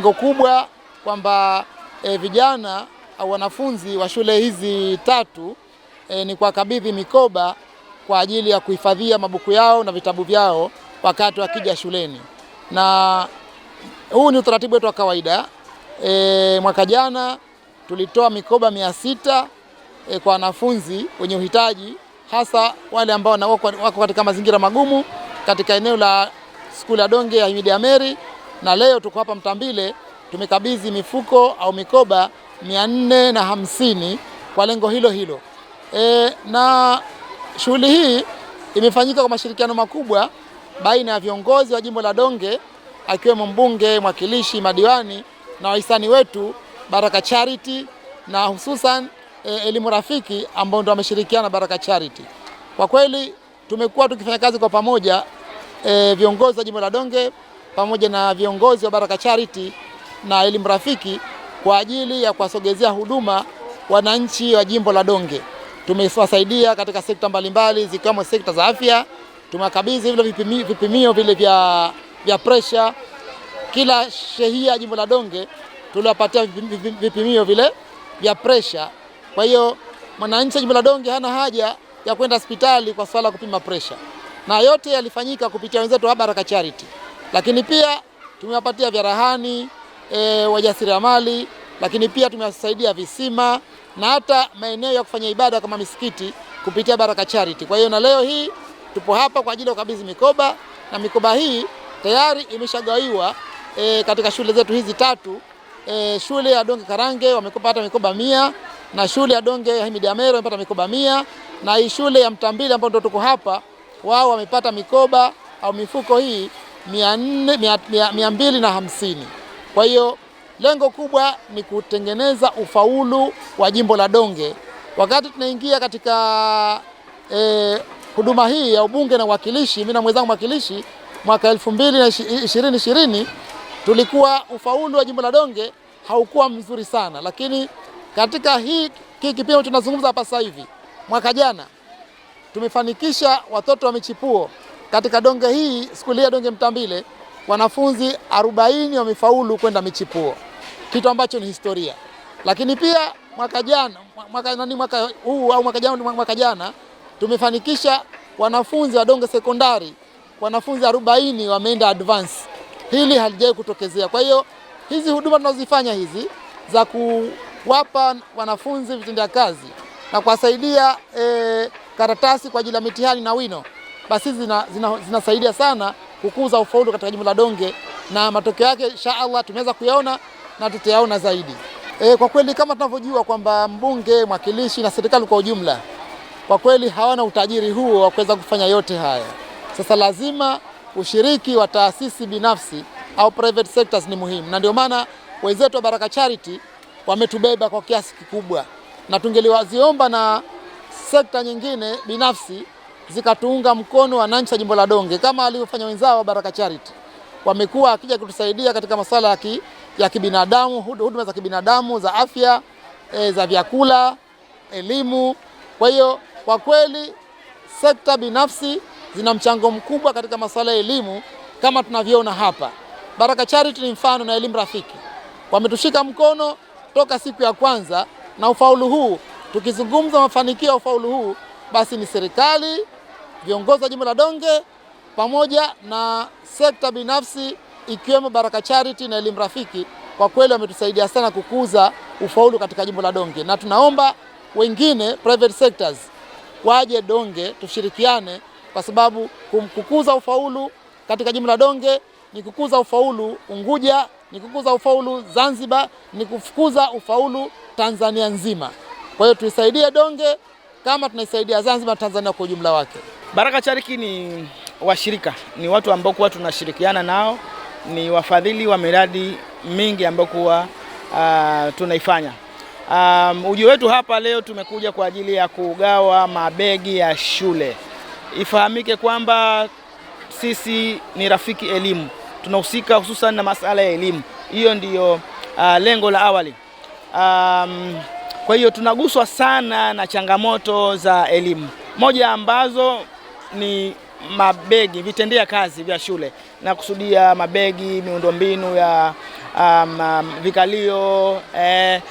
Lengo kubwa kwamba e, vijana au wanafunzi wa shule hizi tatu e, ni kuwakabidhi mikoba kwa ajili ya kuhifadhia mabuku yao na vitabu vyao wakati wakija shuleni, na huu ni utaratibu wetu wa kawaida e, mwaka jana tulitoa mikoba mia sita e, kwa wanafunzi wenye uhitaji hasa wale ambao wako katika mazingira magumu katika eneo la skuli ya Donge ya Hamidi Ameri na leo tuko hapa Mtambile tumekabidhi mifuko au mikoba mia nne na hamsini kwa lengo hilo hilo. E, na shughuli hii imefanyika kwa mashirikiano makubwa baina ya viongozi wa jimbo la Donge akiwemo mbunge, mwakilishi, madiwani na wahisani wetu Baraka Charity na hususan e, elimu rafiki ambao ndio wameshirikiana Baraka Charity. Kwa kweli tumekuwa tukifanya kazi kwa pamoja e, viongozi wa jimbo la Donge pamoja na viongozi wa Baraka Charity na Elimu Rafiki kwa ajili ya kuwasogezea huduma wananchi wa jimbo la Donge. Tumewasaidia katika sekta mbalimbali zikiwemo sekta za afya, tumewakabidhi vile vipimio, vipimio vile vya, vya presha. Kila shehia jimbo la Donge tuliwapatia vipimio vile vya presha. Kwa hiyo mwananchi wa jimbo la Donge hana haja ya kwenda hospitali kwa swala ya kupima presha, na yote yalifanyika kupitia wenzetu wa Baraka Charity lakini pia tumewapatia vyarahani e, wajasiriamali, lakini pia tumewasaidia visima na hata maeneo ya kufanya ibada kama misikiti kupitia Baraka Charity. Kwa hiyo na leo hii tupo hapa kwa ajili ya kukabidhi mikoba na mikoba hii tayari imeshagawiwa e, katika shule zetu hizi tatu e, shule ya Donge Karange wamepata mikoba mia na shule ya Donge Hamid Amero wamepata mikoba mia na hii shule ya Mtambili ambayo ndio tuko hapa, wao wamepata mikoba au mifuko hii mia Kwa hiyo lengo kubwa ni kutengeneza ufaulu wa jimbo la Donge wakati tunaingia katika eh, huduma hii ya ubunge na uwakilishi. Mimi na mwenzangu mwakilishi mwaka 2020 tulikuwa ufaulu wa jimbo la Donge haukuwa mzuri sana, lakini katika hii kipimo tunazungumza hapa sasa hivi, mwaka jana tumefanikisha watoto wa michipuo katika donge hii skuli ya Donge Mtambile wanafunzi 40 wamefaulu kwenda michipuo, kitu ambacho ni historia. Lakini pia mwaka jana mwaka nani mwaka huu au mwaka jana mwaka jana tumefanikisha wanafunzi wa Donge Sekondari wanafunzi 40 wameenda advance. Hili halijawahi kutokezea. Kwa hiyo hizi huduma tunazozifanya hizi za kuwapa wanafunzi vitendea kazi na kuwasaidia e, karatasi kwa ajili ya mitihani na wino basi zina, zina, sana kukuza ufaulu katika jimbo la Donge na matokeo yake Allah tumeweza kuyaona na tutayaona zaidi. E, kwa kweli kama tunavyojua kwamba mbunge, mwakilishi na serikali kwa ujumla kwa kweli hawana utajiri huo wa kuweza kufanya yote haya. Sasa lazima ushiriki wa taasisi binafsi au private sectors ni muhimu, na ndio maana wenzetu wa Baraka Charity wametubeba kwa kiasi kikubwa, na tungeliwaziomba na sekta nyingine binafsi zikatuunga mkono wananchi wa jimbo la Donge kama alivyofanya wenzao wa Baraka Charity. Wamekuwa akija kutusaidia katika masuala ya, ki, ya kibinadamu, huduma za kibinadamu za afya e, za vyakula, elimu. Kwa hiyo kwa kweli sekta binafsi zina mchango mkubwa katika masuala ya elimu kama tunavyoona hapa. Baraka Charity ni mfano na elimu rafiki wametushika mkono toka siku ya kwanza, na ufaulu huu tukizungumza mafanikio ya ufaulu huu basi ni serikali viongozi wa jimbo la Donge pamoja na sekta binafsi ikiwemo Baraka Charity na Elimu Rafiki kwa kweli wametusaidia sana kukuza ufaulu katika jimbo la Donge, na tunaomba wengine private sectors waje Donge tushirikiane, kwa sababu kukuza ufaulu katika jimbo la Donge ni kukuza ufaulu Unguja, ni kukuza ufaulu Zanzibar, ni kukuza ufaulu Tanzania nzima. Kwa hiyo tuisaidie Donge kama tunaisaidia Zanzibar, Tanzania kwa ujumla wake. Baraka chariki ni washirika, ni watu ambao kuwa tunashirikiana nao, ni wafadhili wa miradi mingi ambayo kuwa uh, tunaifanya. Um, ujio wetu hapa leo tumekuja kwa ajili ya kugawa mabegi ya shule. Ifahamike kwamba sisi ni Rafiki Elimu, tunahusika hususan na masala ya elimu. Hiyo ndiyo uh, lengo la awali. Um, kwa hiyo tunaguswa sana na changamoto za elimu moja ambazo ni mabegi vitendea kazi vya shule na kusudia mabegi, miundombinu ya um, um, vikalio eh,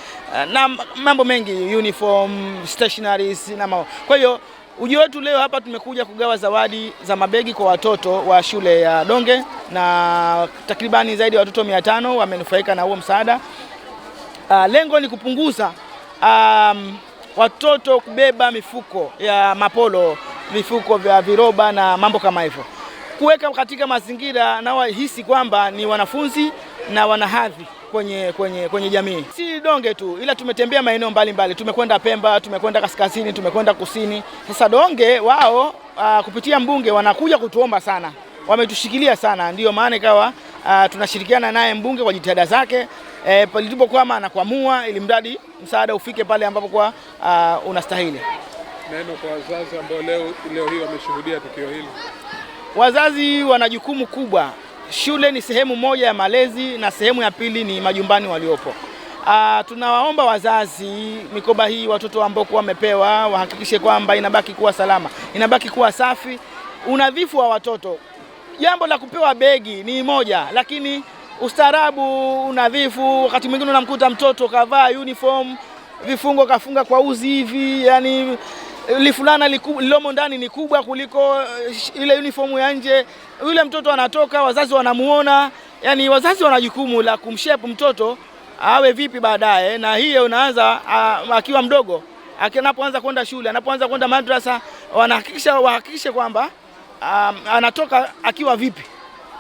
na mambo mengi uniform, stationaries na mambo. Kwa hiyo ujio wetu leo hapa tumekuja kugawa zawadi za mabegi kwa watoto wa shule ya Donge na takribani zaidi ya watoto 500 wamenufaika na huo msaada. Uh, lengo ni kupunguza um, watoto kubeba mifuko ya mapolo vifuko vya viroba na mambo kama hivyo, kuweka katika mazingira nawahisi kwamba ni wanafunzi na wanahadhi kwenye, kwenye, kwenye jamii. Si Donge tu ila tumetembea maeneo mbalimbali, tumekwenda Pemba, tumekwenda kaskazini, tumekwenda kusini. Sasa Donge wao uh, kupitia mbunge wanakuja kutuomba sana, wametushikilia sana, ndiyo maana ikawa ah, tunashirikiana naye mbunge kwa jitihada zake e, eh, palipokwama anakwamua ili mradi msaada ufike pale ambapo kwa ah, unastahili neno kwa wazazi ambao leo, leo hii wameshuhudia tukio hili? Wazazi wana jukumu kubwa. Shule ni sehemu moja ya malezi na sehemu ya pili ni majumbani waliopo. Uh, tunawaomba wazazi mikoba hii watoto ambao kuwa wamepewa wahakikishe kwamba inabaki kuwa salama, inabaki kuwa safi. Unadhifu wa watoto, jambo la kupewa begi ni moja, lakini ustaarabu, unadhifu, wakati mwingine unamkuta mtoto kavaa uniform, vifungo kafunga kwa uzi hivi, yani lifulana lilomo ndani ni kubwa kuliko eh, ile uniform ya nje. Yule mtoto anatoka, wazazi wanamuona, yani wazazi wana jukumu la kumshape mtoto awe vipi baadaye, na hiyo unaanza ah, akiwa mdogo, anapoanza kwenda shule, anapoanza kwenda madrasa, wanahakikisha wahakikishe kwamba um, anatoka akiwa vipi,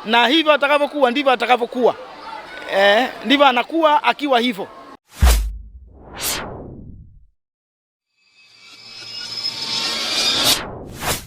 na hivyo atakavyokuwa ndivyo atakavyokuwa, eh, ndivyo anakuwa akiwa hivyo.